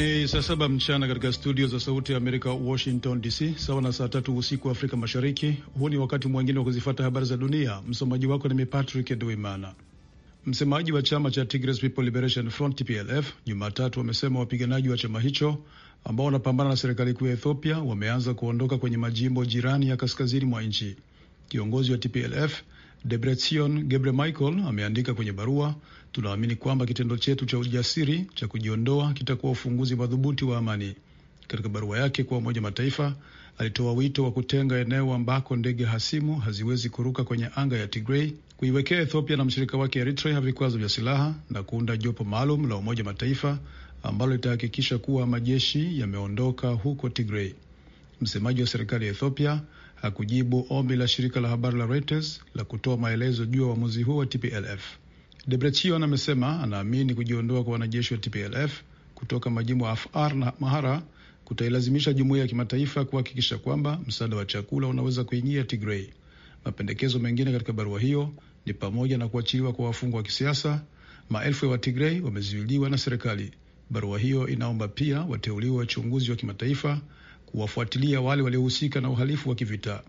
Ni saa saba mchana katika studio za Sauti ya Amerika, Washington DC, sawa na saa tatu usiku wa Afrika Mashariki. Huu ni wakati mwingine wa kuzifata habari za dunia. Msomaji wako ni Patrick Duimana. Msemaji wa chama cha tigres People Liberation Front, TPLF, Jumatatu wamesema wapiganaji wa chama hicho ambao wanapambana na serikali kuu ya Ethiopia wameanza kuondoka kwenye majimbo jirani ya kaskazini mwa nchi. Kiongozi wa TPLF Debretsion Gebre Michael ameandika kwenye barua Tunaamini kwamba kitendo chetu cha ujasiri cha kujiondoa kitakuwa ufunguzi madhubuti wa amani. Katika barua yake kwa Umoja Mataifa alitoa wito wa kutenga eneo ambako ndege hasimu haziwezi kuruka kwenye anga ya Tigrei, kuiwekea Ethiopia na mshirika wake Eritrea vikwazo vya silaha na kuunda jopo maalum la Umoja Mataifa ambalo litahakikisha kuwa majeshi yameondoka huko Tigrei. Msemaji wa serikali ya Ethiopia hakujibu ombi la shirika la habari la Reuters la kutoa maelezo juu ya uamuzi huo wa TPLF. Debrechion amesema anaamini kujiondoa kwa wanajeshi wa TPLF kutoka majimbo ya Afar na Mahara kutailazimisha jumuiya ya kimataifa kuhakikisha kwamba msaada wa chakula unaweza kuingia Tigrei. Mapendekezo mengine katika barua hiyo ni pamoja na kuachiliwa kwa wafungwa wa kisiasa. Maelfu ya Watigrei wamezuiliwa na serikali. Barua hiyo inaomba pia wateuliwe wachunguzi wa kimataifa kuwafuatilia wale waliohusika na uhalifu wa kivita.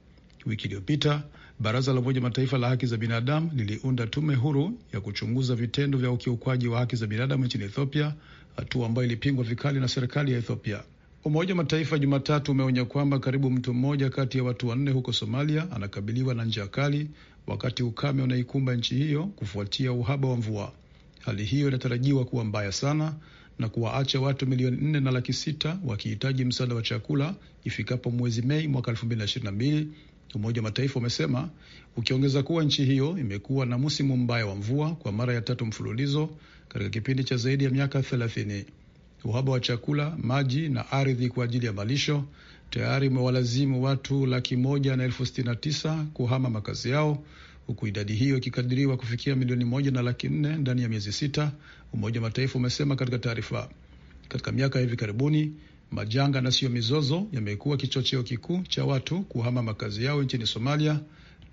Wiki iliyopita Baraza la Umoja Mataifa la haki za binadamu liliunda tume huru ya kuchunguza vitendo vya ukiukwaji wa haki za binadamu nchini Ethiopia, hatua ambayo ilipingwa vikali na serikali ya Ethiopia. Umoja Mataifa Jumatatu umeonya kwamba karibu mtu mmoja kati ya watu wanne huko Somalia anakabiliwa na njaa kali wakati ukame unaikumba nchi hiyo kufuatia uhaba wa mvua. Hali hiyo inatarajiwa kuwa mbaya sana na kuwaacha watu milioni nne na laki sita wakihitaji msaada wa chakula ifikapo mwezi Mei mwaka elfu mbili na ishirini na mbili Umoja wa Mataifa umesema ukiongeza kuwa nchi hiyo imekuwa na msimu mbaya wa mvua kwa mara ya tatu mfululizo katika kipindi cha zaidi ya miaka thelathini. Uhaba wa chakula, maji na ardhi kwa ajili ya malisho tayari umewalazimu watu laki moja na elfu sitini na tisa kuhama makazi yao huku idadi hiyo ikikadiriwa kufikia milioni moja na laki nne ndani ya miezi sita, Umoja wa Mataifa umesema katika taarifa. Katika miaka hivi karibuni Majanga na siyo mizozo yamekuwa kichocheo kikuu cha watu kuhama makazi yao nchini Somalia,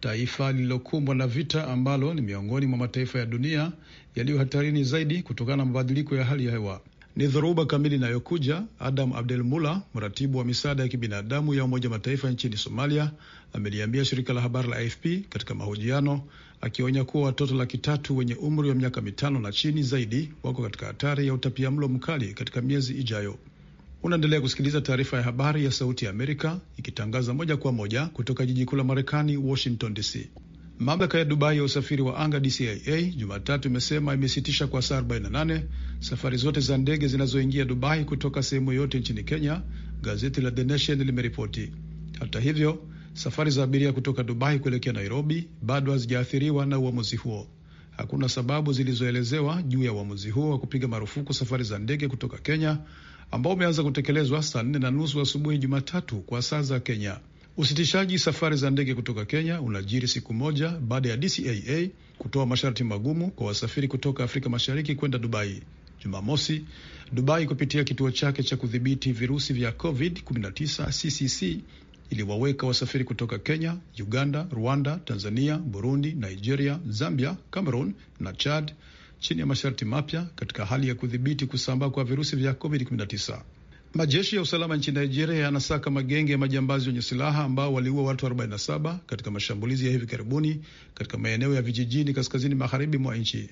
taifa lililokumbwa na vita ambalo ni miongoni mwa mataifa ya dunia yaliyo hatarini zaidi kutokana na mabadiliko ya hali ya hewa. Ni dhoruba kamili inayokuja. Adam Abdel Mula, mratibu wa misaada ya kibinadamu ya Umoja Mataifa nchini Somalia, ameliambia shirika la habari la AFP katika mahojiano, akionya kuwa watoto laki tatu wenye umri wa miaka mitano na chini zaidi wako katika hatari ya utapia mlo mkali katika miezi ijayo. Unaendelea kusikiliza taarifa ya habari ya Sauti ya Amerika ikitangaza moja kwa moja kutoka jiji kuu la Marekani, Washington DC. Mamlaka ya Dubai ya usafiri wa anga DCAA Jumatatu imesema imesitisha kwa saa 48 safari zote za ndege zinazoingia Dubai kutoka sehemu yoyote nchini Kenya, gazeti la The Nation limeripoti. Hata hivyo, safari za abiria kutoka Dubai kuelekea Nairobi bado hazijaathiriwa na uamuzi huo. Hakuna sababu zilizoelezewa juu ya uamuzi huo wa kupiga marufuku safari za ndege kutoka Kenya ambao umeanza kutekelezwa saa nne na nusu asubuhi Jumatatu kwa saa za Kenya. Usitishaji safari za ndege kutoka Kenya unajiri siku moja baada ya DCAA kutoa masharti magumu kwa wasafiri kutoka Afrika Mashariki kwenda Dubai. Jumamosi, Dubai kupitia kituo chake cha kudhibiti virusi vya COVID-19 CCC iliwaweka wasafiri kutoka Kenya, Uganda, Rwanda, Tanzania, Burundi, Nigeria, Zambia, Cameroon na Chad chini ya masharti mapya katika hali ya kudhibiti kusambaa kwa virusi vya COVID-19. Majeshi ya usalama nchini Nigeria yanasaka magenge ya majambazi wenye silaha ambao waliua watu 47 katika mashambulizi ya hivi karibuni katika maeneo ya vijijini kaskazini magharibi mwa nchi.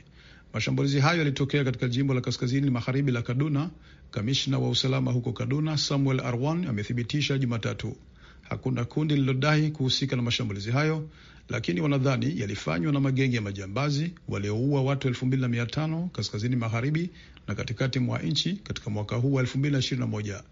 Mashambulizi hayo yalitokea katika jimbo la kaskazini magharibi la Kaduna. Kamishna wa usalama huko Kaduna, Samuel Arwan, amethibitisha Jumatatu hakuna kundi lililodai kuhusika na mashambulizi hayo, lakini wanadhani yalifanywa na magenge ya majambazi walioua watu 2500 kaskazini magharibi na katikati mwa nchi katika mwaka huu wa 2021.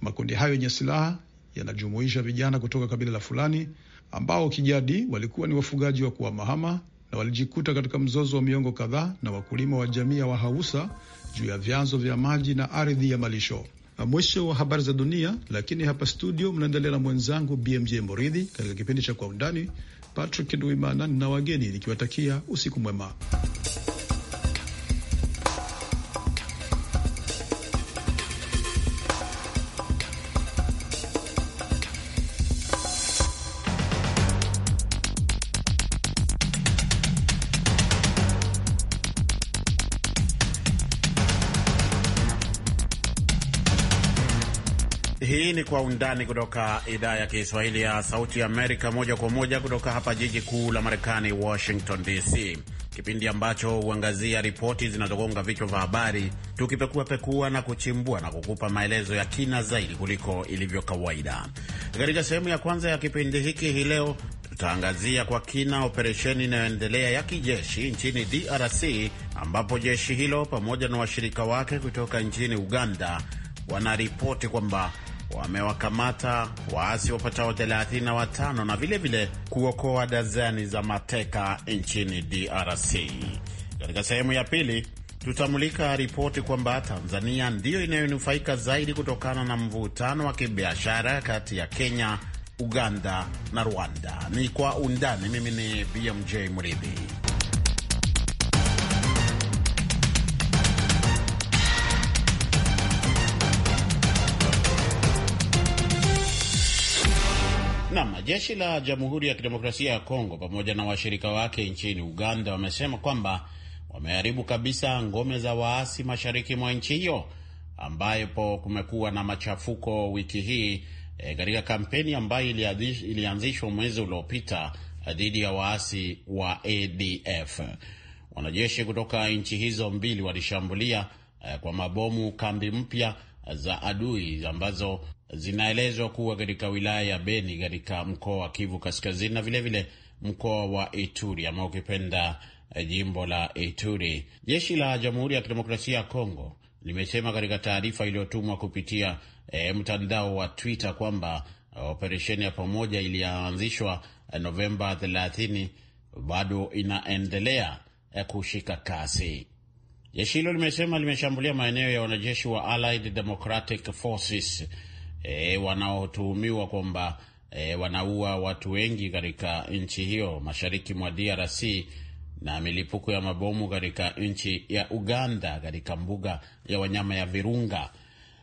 Makundi hayo yenye silaha yanajumuisha vijana kutoka kabila la Fulani ambao kijadi walikuwa ni wafugaji wa kuhamahama na walijikuta katika mzozo wa miongo kadhaa na wakulima wa jamii ya Wahausa juu ya vyanzo vya maji na ardhi ya malisho. Ah, mwisho wa habari za dunia. Lakini hapa studio mnaendelea na mwenzangu BMJ Moridhi katika kipindi cha kwa undani. Patrick Ndwimana na wageni nikiwatakia usiku mwema. undani kutoka idhaa ya Kiswahili ya Sauti ya Amerika, moja kwa moja kutoka hapa jiji kuu la Marekani, Washington DC, kipindi ambacho huangazia ripoti zinazogonga vichwa vya habari, tukipekuapekua na kuchimbua na kukupa maelezo ya kina zaidi kuliko ilivyo kawaida. Katika sehemu ya kwanza ya kipindi hiki hii leo tutaangazia kwa kina operesheni inayoendelea ya kijeshi nchini DRC ambapo jeshi hilo pamoja na washirika wake kutoka nchini Uganda wanaripoti kwamba wamewakamata waasi wapatao 35 na vilevile kuokoa dazeni za mateka nchini DRC. Katika sehemu ya pili tutamulika ripoti kwamba Tanzania ndiyo inayonufaika zaidi kutokana na mvutano wa kibiashara kati ya Kenya, Uganda na Rwanda. Ni kwa undani. Mimi ni BMJ Mridhi. Nam, jeshi la Jamhuri ya Kidemokrasia ya Kongo pamoja na washirika wake nchini Uganda wamesema kwamba wameharibu kabisa ngome za waasi mashariki mwa nchi hiyo ambapo kumekuwa na machafuko wiki hii e, katika e, kampeni ambayo ilianzishwa mwezi uliopita dhidi ya waasi wa ADF. Wanajeshi kutoka nchi hizo mbili walishambulia e, kwa mabomu kambi mpya za adui ambazo zinaelezwa kuwa katika wilaya ya Beni katika mkoa wa Kivu Kaskazini na vilevile mkoa wa Ituri ama ukipenda eh, jimbo la Ituri. Jeshi la Jamhuri ya Kidemokrasia ya Kongo limesema katika taarifa iliyotumwa kupitia e, mtandao wa Twitter kwamba eh, operesheni ya pamoja iliyoanzishwa Novemba 30 bado inaendelea kushika kasi. Jeshi hilo limesema limeshambulia maeneo ya wanajeshi wa Allied Democratic Forces e, wanaotuhumiwa kwamba e, wanaua watu wengi katika nchi hiyo mashariki mwa DRC na milipuko ya mabomu katika nchi ya Uganda katika mbuga ya wanyama ya Virunga.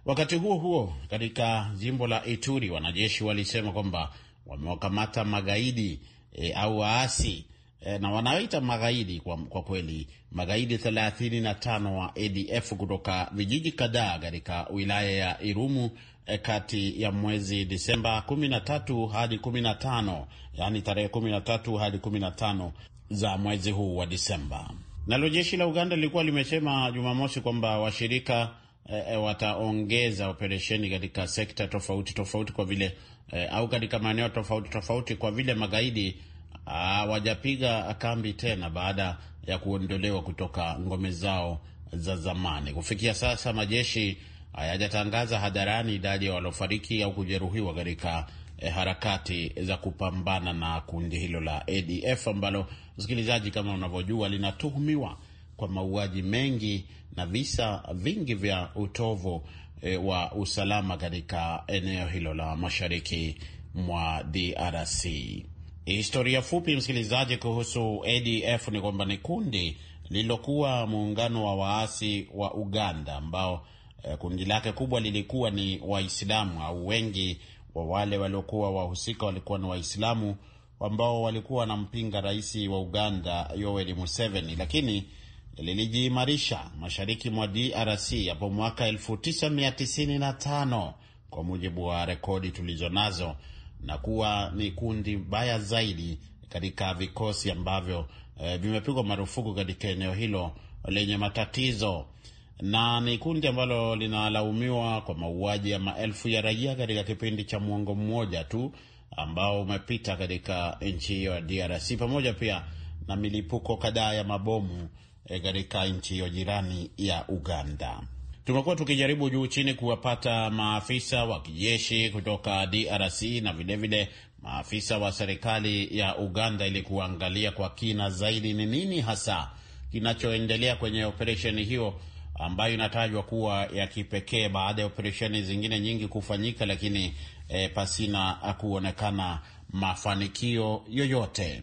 Wakati huo huo, katika jimbo la Ituri wanajeshi walisema kwamba wamewakamata magaidi e, au waasi e, na wanaita magaidi kwa, kwa kweli magaidi 35 wa ADF kutoka vijiji kadhaa katika wilaya ya Irumu Eh, kati ya mwezi Disemba 13 hadi 15, yani tarehe 13 hadi 15 za mwezi huu wa Disemba. Nalo jeshi la Uganda lilikuwa limesema Jumamosi kwamba washirika e, e, wataongeza operesheni katika sekta tofauti tofauti kwa vile e, au katika maeneo tofauti tofauti kwa vile magaidi ah, hawajapiga kambi tena baada ya kuondolewa kutoka ngome zao za zamani. Kufikia sasa majeshi hayajatangaza hadharani idadi ya waliofariki au kujeruhiwa katika eh, harakati za kupambana na kundi hilo la ADF ambalo, msikilizaji, kama unavyojua, linatuhumiwa kwa mauaji mengi na visa vingi vya utovu eh, wa usalama katika eneo hilo la mashariki mwa DRC. Historia fupi, msikilizaji, kuhusu ADF ni kwamba ni kundi lililokuwa muungano wa waasi wa Uganda ambao Eh, kundi lake kubwa lilikuwa ni Waislamu au wengi wa wale waliokuwa wahusika walikuwa ni Waislamu ambao walikuwa wanampinga rais wa Uganda Yoweri Museveni, lakini lilijiimarisha mashariki mwa DRC hapo mwaka 1995 kwa mujibu wa rekodi tulizo nazo, na kuwa ni kundi mbaya zaidi katika vikosi ambavyo eh, vimepigwa marufuku katika eneo hilo lenye matatizo na ni kundi ambalo linalaumiwa kwa mauaji ya maelfu ya raia katika kipindi cha mwongo mmoja tu ambao umepita katika nchi hiyo ya DRC, pamoja pia na milipuko kadhaa ya mabomu eh, katika nchi hiyo jirani ya Uganda. Tumekuwa tukijaribu juu chini kuwapata maafisa wa kijeshi kutoka DRC na vilevile maafisa wa serikali ya Uganda ili kuangalia kwa kina zaidi ni nini hasa kinachoendelea kwenye operesheni hiyo ambayo inatajwa kuwa ya kipekee baada ya operesheni zingine nyingi kufanyika, lakini eh, pasina kuonekana mafanikio yoyote.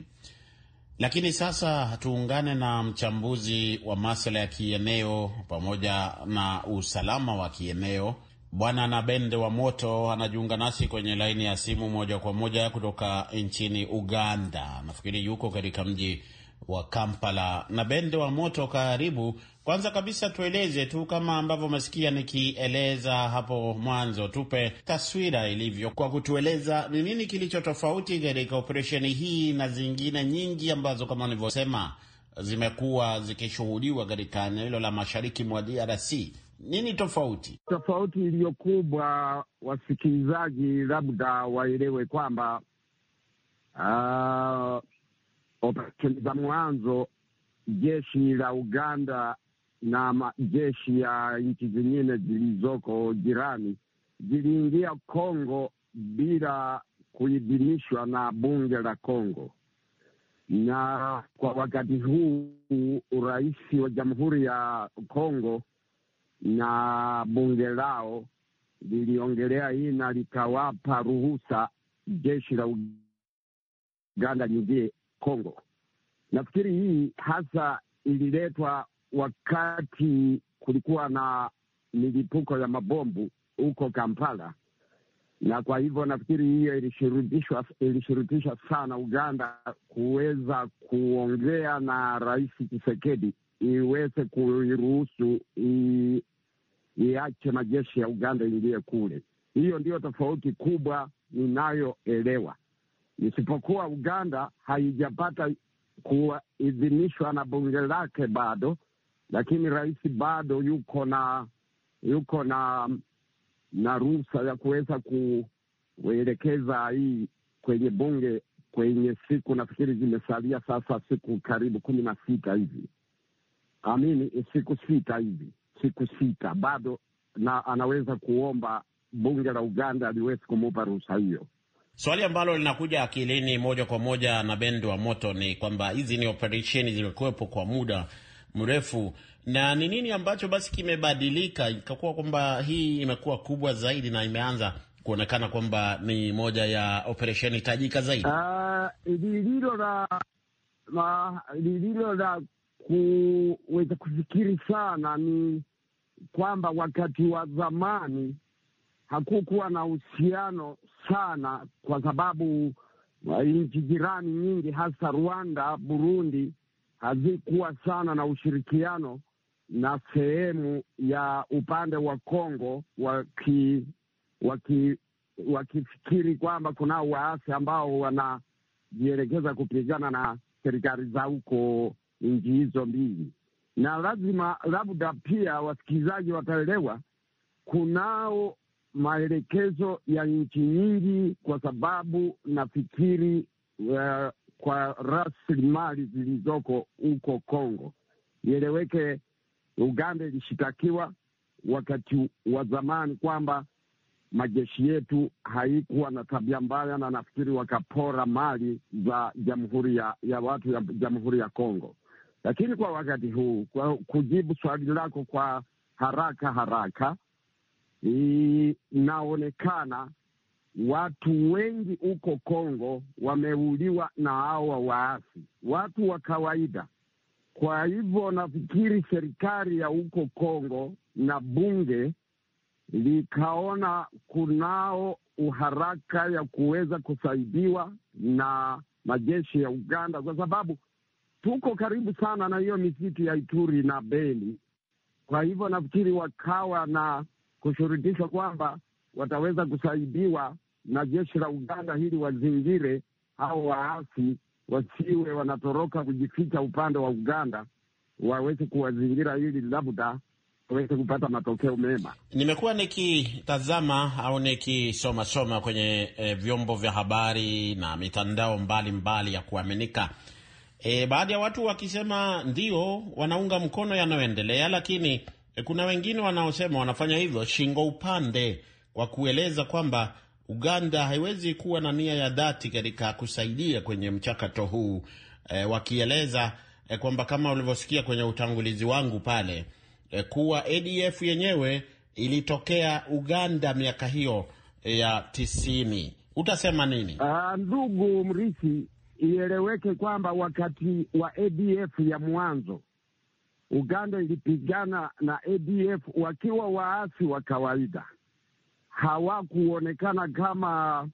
Lakini sasa tuungane na mchambuzi wa masuala ya kieneo pamoja na usalama wa kieneo Bwana Nabende wa Moto anajiunga nasi kwenye laini ya simu moja kwa moja kutoka nchini Uganda. Nafikiri yuko katika mji wa Kampala. Nabende wa Moto, karibu. Kwanza kabisa tueleze tu kama ambavyo umesikia nikieleza hapo mwanzo, tupe taswira ilivyo kwa kutueleza ni nini kilicho tofauti katika operesheni hii na zingine nyingi ambazo kama nilivyosema zimekuwa zikishuhudiwa katika eneo hilo la mashariki mwa DRC. Nini tofauti? Tofauti iliyo kubwa, wasikilizaji labda waelewe kwamba uh, ah, operesheni za mwanzo jeshi la Uganda na majeshi ya nchi zingine zilizoko jirani ziliingia Kongo bila kuidhinishwa na bunge la Kongo. Na kwa wakati huu urais wa Jamhuri ya Kongo na bunge lao liliongelea hii na likawapa ruhusa jeshi la Uganda liingie Kongo. Nafikiri hii hasa ililetwa wakati kulikuwa na milipuko ya mabombu huko Kampala, na kwa hivyo nafikiri hiyo ilishurutishwa ilishurutisha sana Uganda kuweza kuongea na Rais chisekedi iweze kuiruhusu iache majeshi ya Uganda ingie kule. Hiyo ndiyo tofauti kubwa ninayoelewa, isipokuwa Uganda haijapata kuidhinishwa na bunge lake bado lakini rais bado yuko na yuko na na ruhusa ya kuweza kuelekeza hii kwenye bunge kwenye siku nafikiri zimesalia sasa siku karibu kumi na sita hivi, amini eh, siku sita hivi, siku sita bado, na anaweza kuomba bunge la Uganda aliwezi kumupa ruhusa hiyo. Swali ambalo linakuja akilini moja kwa moja na bendi wa Moto ni kwamba hizi ni operesheni zimekuwepo kwa muda mrefu. Na ni nini ambacho basi kimebadilika ikakuwa kwamba hii imekuwa kubwa zaidi na imeanza kuonekana kwamba ni moja ya operesheni tajika zaidi ah, lililo la lililo la kuweza kufikiri sana ni kwamba wakati wa zamani hakukuwa na uhusiano sana, kwa sababu ah, nchi jirani nyingi hasa Rwanda, Burundi hazikuwa sana na ushirikiano na sehemu ya upande wa Kongo, waki, waki, wakifikiri kwamba kunao waasi ambao wanajielekeza kupigana na serikali za huko nchi hizo mbili, na lazima labda pia wasikilizaji wataelewa kunao maelekezo ya nchi nyingi, kwa sababu nafikiri uh, kwa rasilimali zilizoko huko Kongo. Ieleweke, Uganda ilishitakiwa wakati wa zamani kwamba majeshi yetu haikuwa na tabia mbaya, na nafikiri wakapora mali za jamhuri ya, ya watu ya jamhuri ya Kongo. Lakini kwa wakati huu, kwa kujibu swali lako kwa haraka haraka, inaonekana Watu wengi huko Kongo wameuliwa na hawa waasi, watu wa kawaida. Kwa hivyo nafikiri serikali ya huko Kongo na bunge likaona kunao uharaka ya kuweza kusaidiwa na majeshi ya Uganda, kwa sababu tuko karibu sana na hiyo misitu ya Ituri na Beni. Kwa hivyo nafikiri wakawa na kushurutishwa kwamba wataweza kusaidiwa na jeshi la Uganda hili wazingire hao waasi wasiwe wanatoroka kujificha upande wa Uganda, waweze kuwazingira ili labda waweze kupata matokeo mema. Nimekuwa nikitazama au nikisomasoma kwenye e, vyombo vya habari na mitandao mbalimbali mbali ya kuaminika e, baadhi ya watu wakisema ndio wanaunga mkono yanayoendelea, lakini e, kuna wengine wanaosema wanafanya hivyo shingo upande wa kueleza kwamba Uganda haiwezi kuwa na nia ya dhati katika kusaidia kwenye mchakato huu e, wakieleza e, kwamba kama ulivyosikia kwenye utangulizi wangu pale e, kuwa ADF yenyewe ilitokea Uganda miaka hiyo ya tisini. Utasema nini? Uh, ndugu mrisi ieleweke kwamba wakati wa ADF ya mwanzo Uganda ilipigana na ADF wakiwa waasi wa kawaida hawakuonekana kama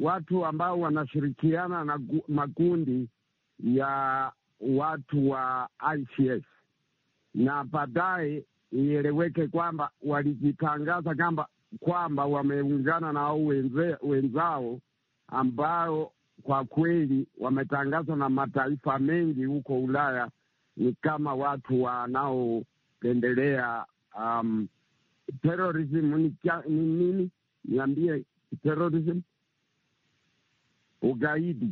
watu ambao wanashirikiana na makundi ya watu wa ICS, na baadaye ieleweke kwamba walijitangaza kwamba kwamba wameungana na hao wenzao ambao kwa kweli wametangazwa na mataifa mengi huko Ulaya, ni kama watu wanaopendelea um, terrorism ni nini? Niambie, terrorism ugaidi.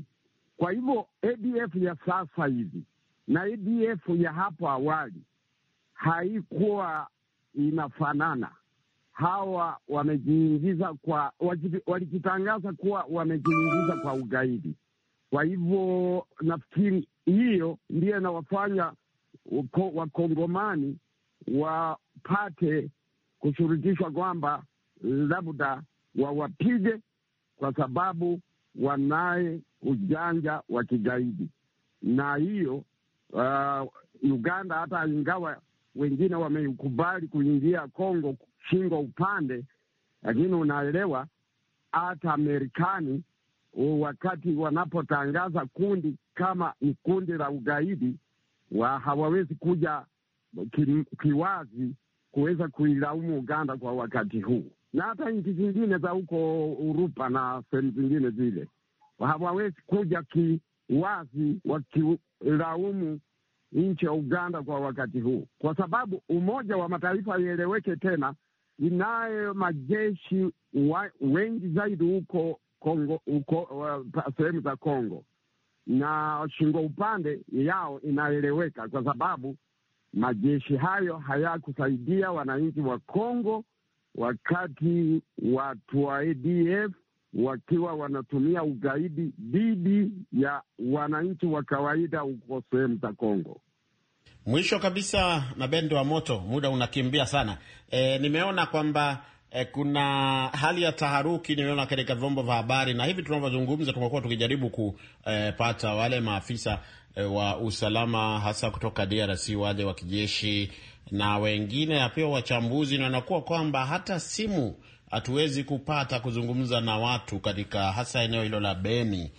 Kwa hivyo ADF ya sasa hivi na ADF ya hapo awali haikuwa inafanana. Hawa wamejiingiza kwa, walijitangaza kuwa wamejiingiza kwa ugaidi. Kwa hivyo nafikiri hiyo ndiyo inawafanya wakongomani wapate kushurutishwa kwamba labda wawapige kwa sababu wanaye ujanja wa kigaidi. Na hiyo uh, Uganda hata ingawa wengine wameikubali kuingia Kongo shingo upande, lakini unaelewa hata Amerikani uh, wakati wanapotangaza kundi kama ni kundi la ugaidi wa hawawezi kuja ki, kiwazi kuweza kuilaumu Uganda kwa wakati huu na hata nchi zingine za huko Urupa na sehemu zingine zile hawawezi kuja kiwazi wakilaumu nchi ya Uganda kwa wakati huu, kwa sababu Umoja wa Mataifa ieleweke tena, inayo majeshi wa, wengi zaidi huko Kongo, huko uh, sehemu za Kongo na shingo upande yao inaeleweka, kwa sababu majeshi hayo hayakusaidia wananchi wa Kongo wakati watu wa ADF wakiwa wanatumia ugaidi dhidi ya wananchi wa kawaida huko sehemu za Kongo. Mwisho kabisa, na bendi wa moto, muda unakimbia sana. E, nimeona kwamba e, kuna hali ya taharuki nimeona katika vyombo vya habari, na hivi tunavyozungumza tumekuwa tukijaribu kupata e, wale maafisa Eh, wa usalama hasa kutoka DRC wale wa kijeshi na wengine pia wachambuzi, na nakuwa kwamba hata simu hatuwezi kupata kuzungumza na watu katika hasa eneo hilo la Beni.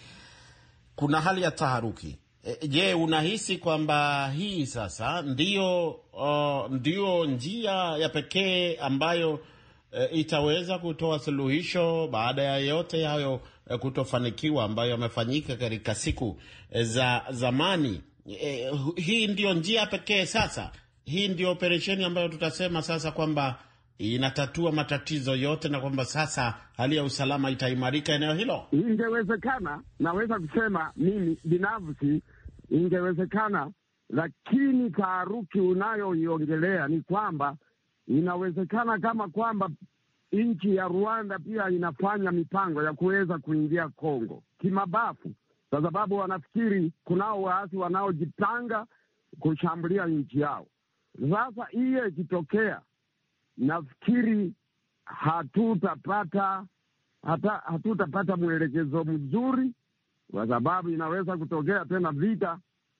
Kuna hali ya taharuki. Eh, je, unahisi kwamba hii sasa ndio uh, ndio njia ya pekee ambayo uh, itaweza kutoa suluhisho baada ya yote hayo Eh, kutofanikiwa ambayo yamefanyika katika siku eh, za zamani. E, hii ndiyo njia pekee sasa. Hii ndio operesheni ambayo tutasema sasa kwamba inatatua matatizo yote na kwamba sasa hali ya usalama itaimarika eneo hilo. Ingewezekana, naweza kusema mimi binafsi ingewezekana, lakini taharuki unayoiongelea ni kwamba inawezekana kama kwamba nchi ya Rwanda pia inafanya mipango ya kuweza kuingia Kongo kimabafu, kwa sababu wanafikiri kunao waasi wanaojipanga kushambulia nchi yao. Sasa hiyo ikitokea, nafikiri hatutapata hata hatutapata mwelekezo mzuri, kwa sababu inaweza kutokea tena vita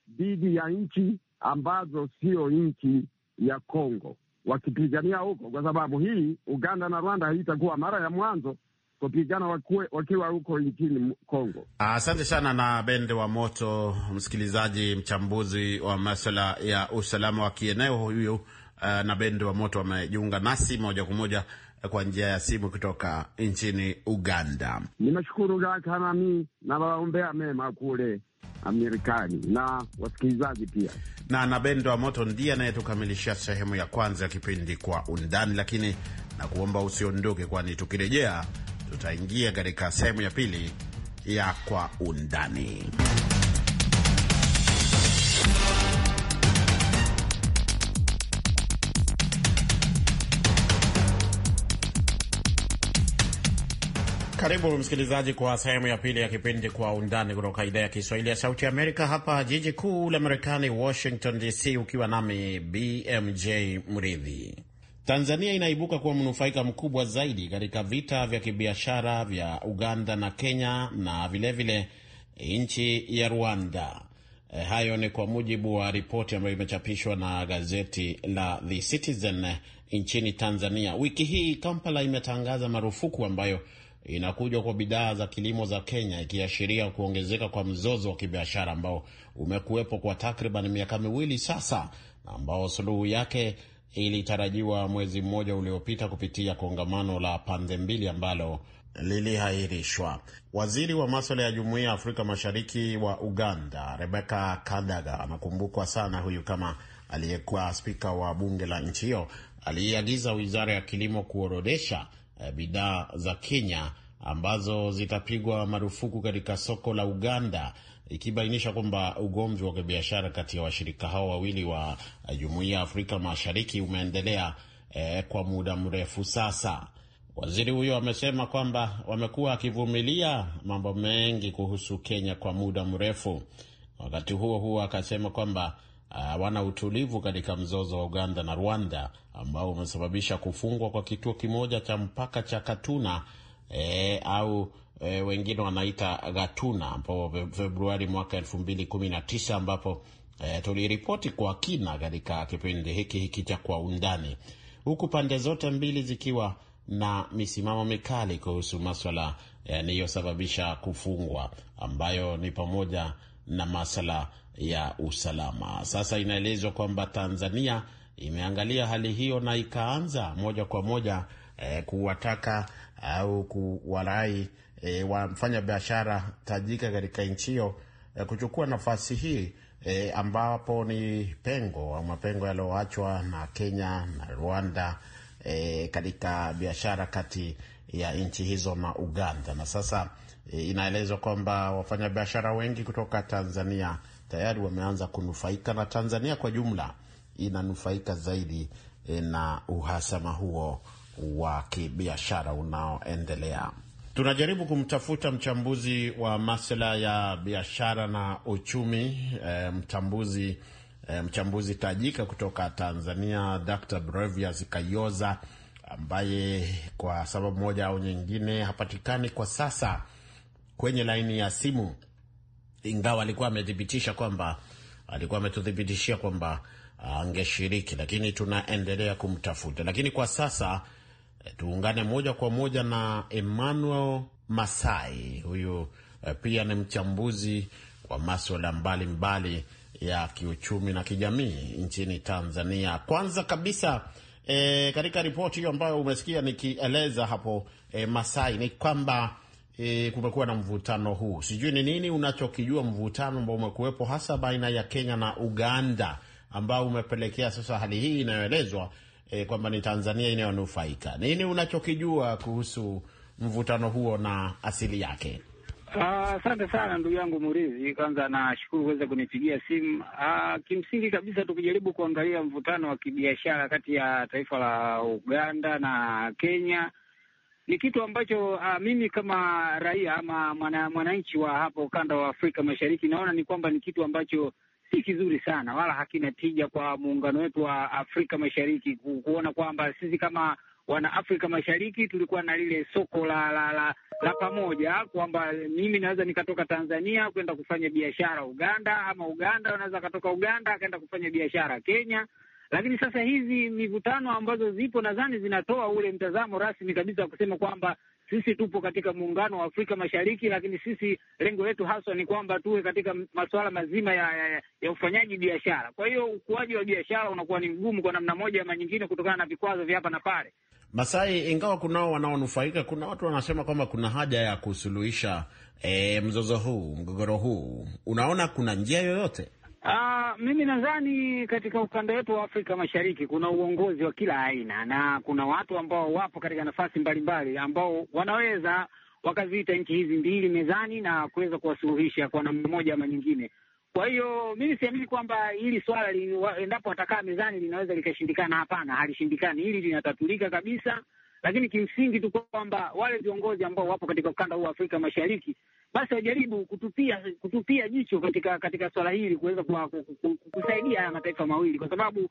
dhidi ya nchi ambazo sio nchi ya Kongo wakipigania huko, kwa sababu hii Uganda na Rwanda hii itakuwa mara ya mwanzo kupigana wakiwa huko nchini Kongo. Asante sana na Bende wa Moto, msikilizaji, mchambuzi wa masuala ya usalama wa kieneo huyu. Uh, na Bende wa Moto wamejiunga nasi moja kwa moja kwa njia ya simu kutoka nchini Uganda. Nimeshukuru sana mimi nawaombea mema kule Amerikani na wasikilizaji pia. Na Nabendo wa Moto ndiye anayetukamilishia sehemu ya kwanza ya kipindi Kwa Undani, lakini na kuomba usiondoke, kwani tukirejea tutaingia katika sehemu ya pili ya Kwa Undani. Karibu msikilizaji kwa sehemu ya pili ya kipindi Kwa Undani kutoka idhaa ya Kiswahili ya Sauti ya Amerika, hapa jiji kuu la Marekani, Washington DC, ukiwa nami BMJ Mridhi. Tanzania inaibuka kuwa mnufaika mkubwa zaidi katika vita vya kibiashara vya Uganda na Kenya na vilevile nchi ya Rwanda. E, hayo ni kwa mujibu wa ripoti ambayo imechapishwa na gazeti la The Citizen eh, nchini Tanzania. Wiki hii Kampala imetangaza marufuku ambayo inakujwa kwa bidhaa za kilimo za Kenya, ikiashiria kuongezeka kwa mzozo wa kibiashara ambao umekuwepo kwa takriban miaka miwili sasa, na ambao suluhu yake ilitarajiwa mwezi mmoja uliopita kupitia kongamano la pande mbili ambalo lilihairishwa. Waziri wa maswala ya jumuiya ya Afrika Mashariki wa Uganda, Rebecca Kadaga, anakumbukwa sana huyu kama aliyekuwa spika wa bunge la nchi hiyo, aliiagiza wizara ya kilimo kuorodesha Eh, bidhaa za Kenya ambazo zitapigwa marufuku katika soko la Uganda, ikibainisha kwamba ugomvi wa kibiashara kati ya washirika hao wawili wa eh, Jumuiya ya Afrika Mashariki umeendelea eh, kwa muda mrefu sasa. Waziri huyo amesema kwamba wamekuwa akivumilia mambo mengi kuhusu Kenya kwa muda mrefu. Wakati huo huo, akasema kwamba Ah, hawana uh, utulivu katika mzozo wa Uganda na Rwanda ambao umesababisha kufungwa kwa kituo kimoja cha mpaka cha Katuna e, au e, wengine wanaita Gatuna ambapo Februari mwaka 2019 ambapo e, tuliripoti kwa kina katika kipindi hiki hiki cha kwa undani, huku pande zote mbili zikiwa na misimamo mikali kuhusu maswala yaniyosababisha kufungwa ambayo ni pamoja na masala ya usalama. Sasa inaelezwa kwamba Tanzania imeangalia hali hiyo na ikaanza moja kwa moja eh, kuwataka au kuwarai eh, wafanya biashara tajika katika nchi hiyo eh, kuchukua nafasi hii E, ambapo ni pengo au mapengo yaliyoachwa na Kenya na Rwanda e, katika biashara kati ya nchi hizo na Uganda. Na sasa e, inaelezwa kwamba wafanyabiashara wengi kutoka Tanzania tayari wameanza kunufaika na Tanzania kwa jumla inanufaika zaidi e, na uhasama huo wa kibiashara unaoendelea. Tunajaribu kumtafuta mchambuzi wa masuala ya biashara na uchumi e, mtambuzi e, mchambuzi tajika kutoka Tanzania Dr. Brevias Kayoza ambaye kwa sababu moja au nyingine hapatikani kwa sasa kwenye laini ya simu ingawa alikuwa amethibitisha kwamba alikuwa ametuthibitishia kwamba ah, angeshiriki, lakini tunaendelea kumtafuta. Lakini kwa sasa eh, tuungane moja kwa moja na Emmanuel Masai. Huyu eh, pia ni mchambuzi wa maswala mbalimbali ya kiuchumi na kijamii nchini Tanzania. Kwanza kabisa e, katika ripoti hiyo ambayo umesikia nikieleza hapo e, Masai, ni kwamba e, kumekuwa na mvutano huu. Sijui ni nini unachokijua mvutano ambao umekuwepo hasa baina ya Kenya na Uganda ambao umepelekea sasa hali hii inayoelezwa e, kwamba ni Tanzania inayonufaika. Nini unachokijua kuhusu mvutano huo na asili yake? Ah, asante uh, sana ndugu yangu Murizi. Kwanza nashukuru kuweza kunipigia simu. Uh, kimsingi kabisa tukijaribu kuangalia mvutano wa kibiashara kati ya taifa la Uganda na Kenya ni kitu ambacho uh, mimi kama raia ama mwananchi mwana wa hapo ukanda wa Afrika Mashariki naona ni kwamba ni kitu ambacho si kizuri sana wala hakina tija kwa muungano wetu wa Afrika Mashariki ku, kuona kwamba sisi kama wana Afrika Mashariki tulikuwa na lile soko la la, la, la pamoja kwamba mimi naweza nikatoka Tanzania kwenda kufanya biashara Uganda ama Uganda unaweza akatoka Uganda akaenda kufanya biashara Kenya lakini sasa hizi mivutano ambazo zipo nadhani zinatoa ule mtazamo rasmi kabisa wa kusema kwamba sisi tupo katika muungano wa Afrika Mashariki, lakini sisi lengo letu haswa ni kwamba tuwe katika masuala mazima ya, ya, ya ufanyaji biashara. Kwa hiyo ukuaji wa biashara unakuwa ni mgumu kwa namna moja ama nyingine, kutokana na vikwazo vya hapa na pale. Masai, ingawa kunao wanaonufaika, kuna watu wanasema kwamba kuna haja ya kusuluhisha e, mzozo huu, mgogoro huu. Unaona kuna njia yoyote? Uh, mimi nadhani katika ukanda wetu wa Afrika Mashariki kuna uongozi wa kila aina na kuna watu ambao wapo katika nafasi mbalimbali ambao wanaweza wakaziita nchi hizi mbili mezani na kuweza kuwasuluhisha kwa namna moja ama nyingine. Kwa hiyo mimi siamini kwamba hili swala li, wa, endapo watakaa mezani linaweza likashindikana. Hapana, halishindikani, hili linatatulika kabisa, lakini kimsingi tu kwamba wale viongozi ambao wapo katika ukanda huu wa Afrika Mashariki basi wajaribu kutupia kutupia jicho katika katika swala hili kuweza kusaidia haya mataifa mawili, kwa sababu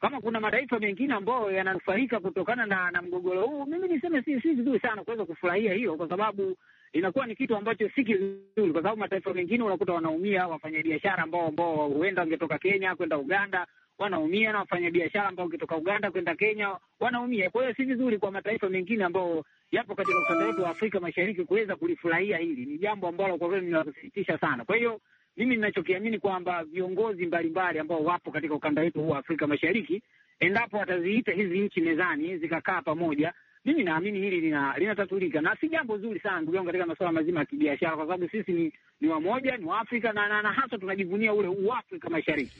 kama kuna mataifa mengine ambayo yananufaika kutokana na, na mgogoro huu, mimi niseme si si vizuri sana kuweza kufurahia hiyo kwa sababu inakuwa ni kitu ambacho si kizuri, kwa sababu mataifa mengine unakuta wanaumia wafanyabiashara ambao ambao huenda wangetoka Kenya kwenda Uganda wanaumia, na wafanyabiashara ambao ukitoka Uganda kwenda Kenya wanaumia. Kwa hiyo si vizuri kwa mataifa mengine ambayo yapo katika ukanda wetu wa Afrika Mashariki kuweza kulifurahia hili. Ni jambo ambalo kwa kweli linasikitisha sana. Kwa hiyo mimi ninachokiamini kwamba viongozi mbalimbali ambao wapo katika ukanda wetu huu wa Afrika Mashariki, endapo wataziita hizi nchi mezani zikakaa pamoja, mimi naamini hili linatatulika lina na si jambo zuri sana ndugu yangu, katika masuala mazima ya kibiashara, kwa sababu sisi ni, ni wamoja ni Waafrika na, na, na hasa tunajivunia ule Uafrika Mashariki.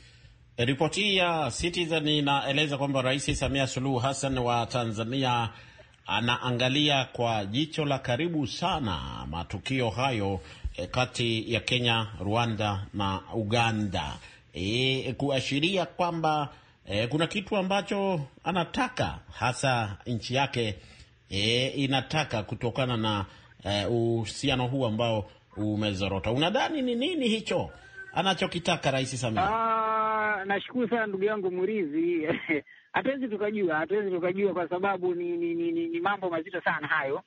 Ripoti hii ya Citizen inaeleza kwamba Rais Samia Suluhu Hassan wa Tanzania anaangalia kwa jicho la karibu sana matukio hayo e, kati ya Kenya, Rwanda na Uganda e, kuashiria kwamba e, kuna kitu ambacho anataka hasa nchi yake e, inataka kutokana na e, uhusiano huu ambao umezorota. Unadhani ni nini hicho? anachokitaka Rais Samia? Ah, nashukuru sana ndugu yangu Murizi. hatuwezi tukajua, hatuwezi tukajua kwa sababu ni, ni, ni, ni, ni mambo mazito sana hayo.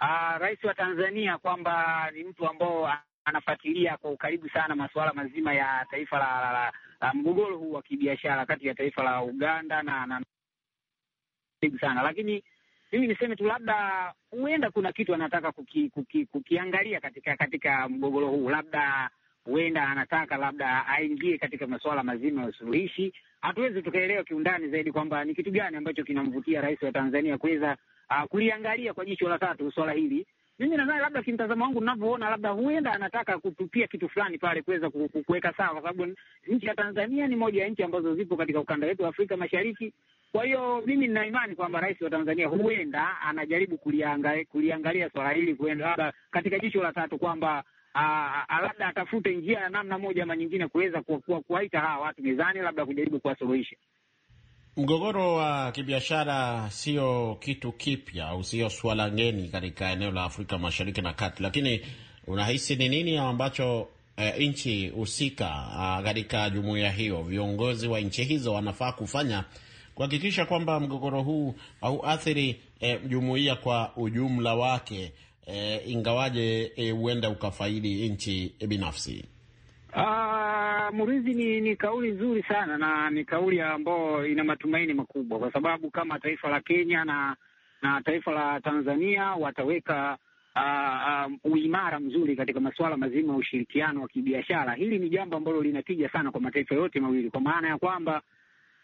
Ah, rais wa Tanzania kwamba ni mtu ambao anafuatilia kwa ukaribu sana masuala mazima ya taifa la, la, la, la mgogoro huu wa kibiashara kati ya taifa la Uganda na, na sana lakini mimi niseme tu labda huenda kuna kitu anataka kuki, kuki, kukiangalia katika katika mgogoro huu, labda huenda anataka labda aingie katika masuala mazima ya usuluhishi. Hatuwezi tukaelewa kiundani zaidi kwamba ni kitu gani ambacho kinamvutia rais wa Tanzania kuweza uh, kuliangalia kwa jicho la tatu swala hili. Mimi nadhani labda kimtazamo wangu ninavyoona, labda huenda anataka kutupia kitu fulani pale kuweza kuweka sawa, kwa sababu nchi ya Tanzania ni moja ya nchi ambazo zipo katika ukanda wetu wa Afrika Mashariki. Kwa hiyo mimi nina imani kwamba rais wa Tanzania huenda anajaribu kuliangalia, kuliangalia swala hili kuenda labda katika jicho la tatu kwamba labda atafute njia ya namna moja ama nyingine kuweza kuwaita hawa watu mezani, labda kujaribu kuwasuluhisha. Mgogoro wa kibiashara sio kitu kipya au sio swala ngeni katika eneo la Afrika Mashariki na Kati, lakini unahisi ni nini ambacho e, nchi husika ah, katika jumuiya hiyo, viongozi wa nchi hizo wanafaa kufanya kuhakikisha kwamba mgogoro huu athiri e, eh, jumuiya kwa ujumla wake e, ingawaje eh, huenda e, ukafaidi nchi e, binafsi? Uh, Murithi, ni, ni kauli nzuri sana na ni kauli ambayo ina matumaini makubwa, kwa sababu kama taifa la Kenya na na taifa la Tanzania wataweka uh, uh, uimara mzuri katika masuala mazima ya ushirikiano wa kibiashara. Hili ni jambo ambalo linatija sana kwa mataifa yote mawili, kwa maana ya kwamba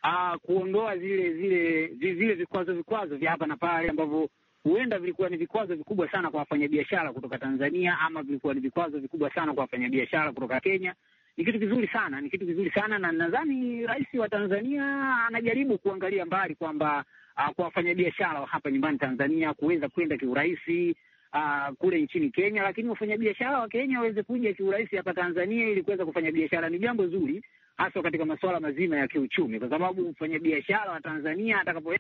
uh, kuondoa zile zile zile vikwazo vikwazo vya hapa na pale ambavyo huenda vilikuwa ni vikwazo vikubwa sana kwa wafanyabiashara kutoka Tanzania, ama vilikuwa ni vikwazo vikubwa sana kwa wafanyabiashara kutoka Kenya. Ni kitu kizuri sana, ni kitu kizuri sana, na nadhani rais wa Tanzania anajaribu kuangalia mbali kwamba uh, kwa wafanyabiashara wa hapa nyumbani Tanzania kuweza kwenda kiurahisi uh, ah, kule nchini Kenya, lakini wafanyabiashara wa Kenya waweze kuja kiurahisi hapa Tanzania ili kuweza kufanya biashara. Ni jambo zuri, hasa katika masuala mazima ya kiuchumi, kwa sababu mfanyabiashara wa Tanzania atakapo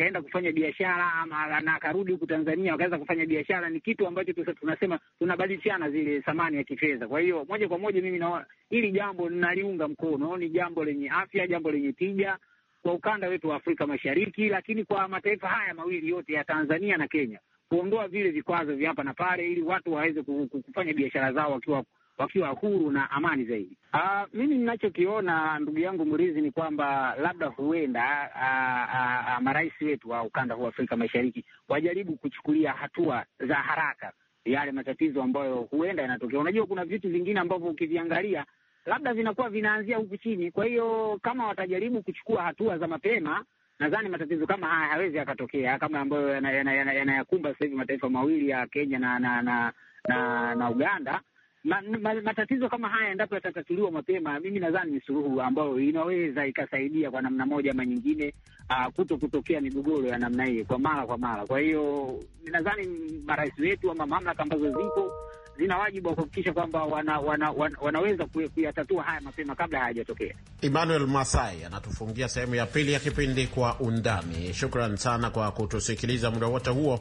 kaenda kufanya biashara ama na akarudi huku Tanzania wakaweza kufanya biashara, ni kitu ambacho tunasema tunabadilishana zile thamani ya kifedha. Kwa hiyo moja kwa moja mimi naona hili jambo ninaliunga mkono, ni jambo lenye afya, jambo lenye tija kwa ukanda wetu wa Afrika Mashariki, lakini kwa mataifa haya mawili yote ya Tanzania na Kenya, kuondoa vile vikwazo vya hapa na pale, ili watu waweze kufanya biashara zao wakiwa wakiwa huru na amani zaidi. Aa, ah, mimi ninachokiona ndugu yangu Mrizi ni kwamba labda huenda ah, ah, marais wetu wa ukanda huu Afrika Mashariki wajaribu kuchukulia hatua za haraka yale matatizo ambayo huenda yanatokea. Unajua, kuna vitu vingine ambavyo ukiviangalia labda vinakuwa vinaanzia huku chini. Kwa hiyo kama watajaribu kuchukua hatua za mapema, nadhani matatizo kama haya hawezi yakatokea, kama ambayo yanayakumba yana, yana, yana sasa hivi mataifa mawili ya Kenya na na na, na, na Uganda ma, ma, matatizo kama haya endapo yatatatuliwa mapema, mimi nadhani ni suluhu ambayo inaweza ikasaidia kwa namna moja ama nyingine, uh, kuto kutokea migogoro ya namna hii kwa mara kwa mara. Kwa hiyo nadhani marais wetu ama mamlaka ambazo zipo zina wajibu wa kuhakikisha kwamba wana, wana, wana, wanaweza kuyatatua haya mapema kabla hayajatokea. Emmanuel Masai anatufungia sehemu ya pili ya kipindi Kwa Undani. Shukran sana kwa kutusikiliza muda wote huo.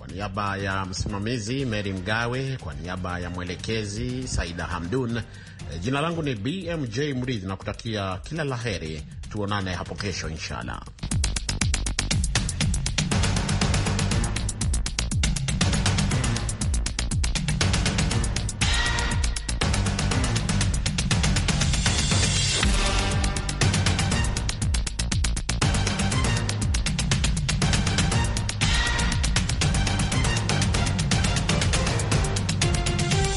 Kwa niaba ya msimamizi Meri Mgawe, kwa niaba ya mwelekezi Saida Hamdun, eh, jina langu ni BMJ Mridhi na kutakia kila la heri. Tuonane hapo kesho inshallah.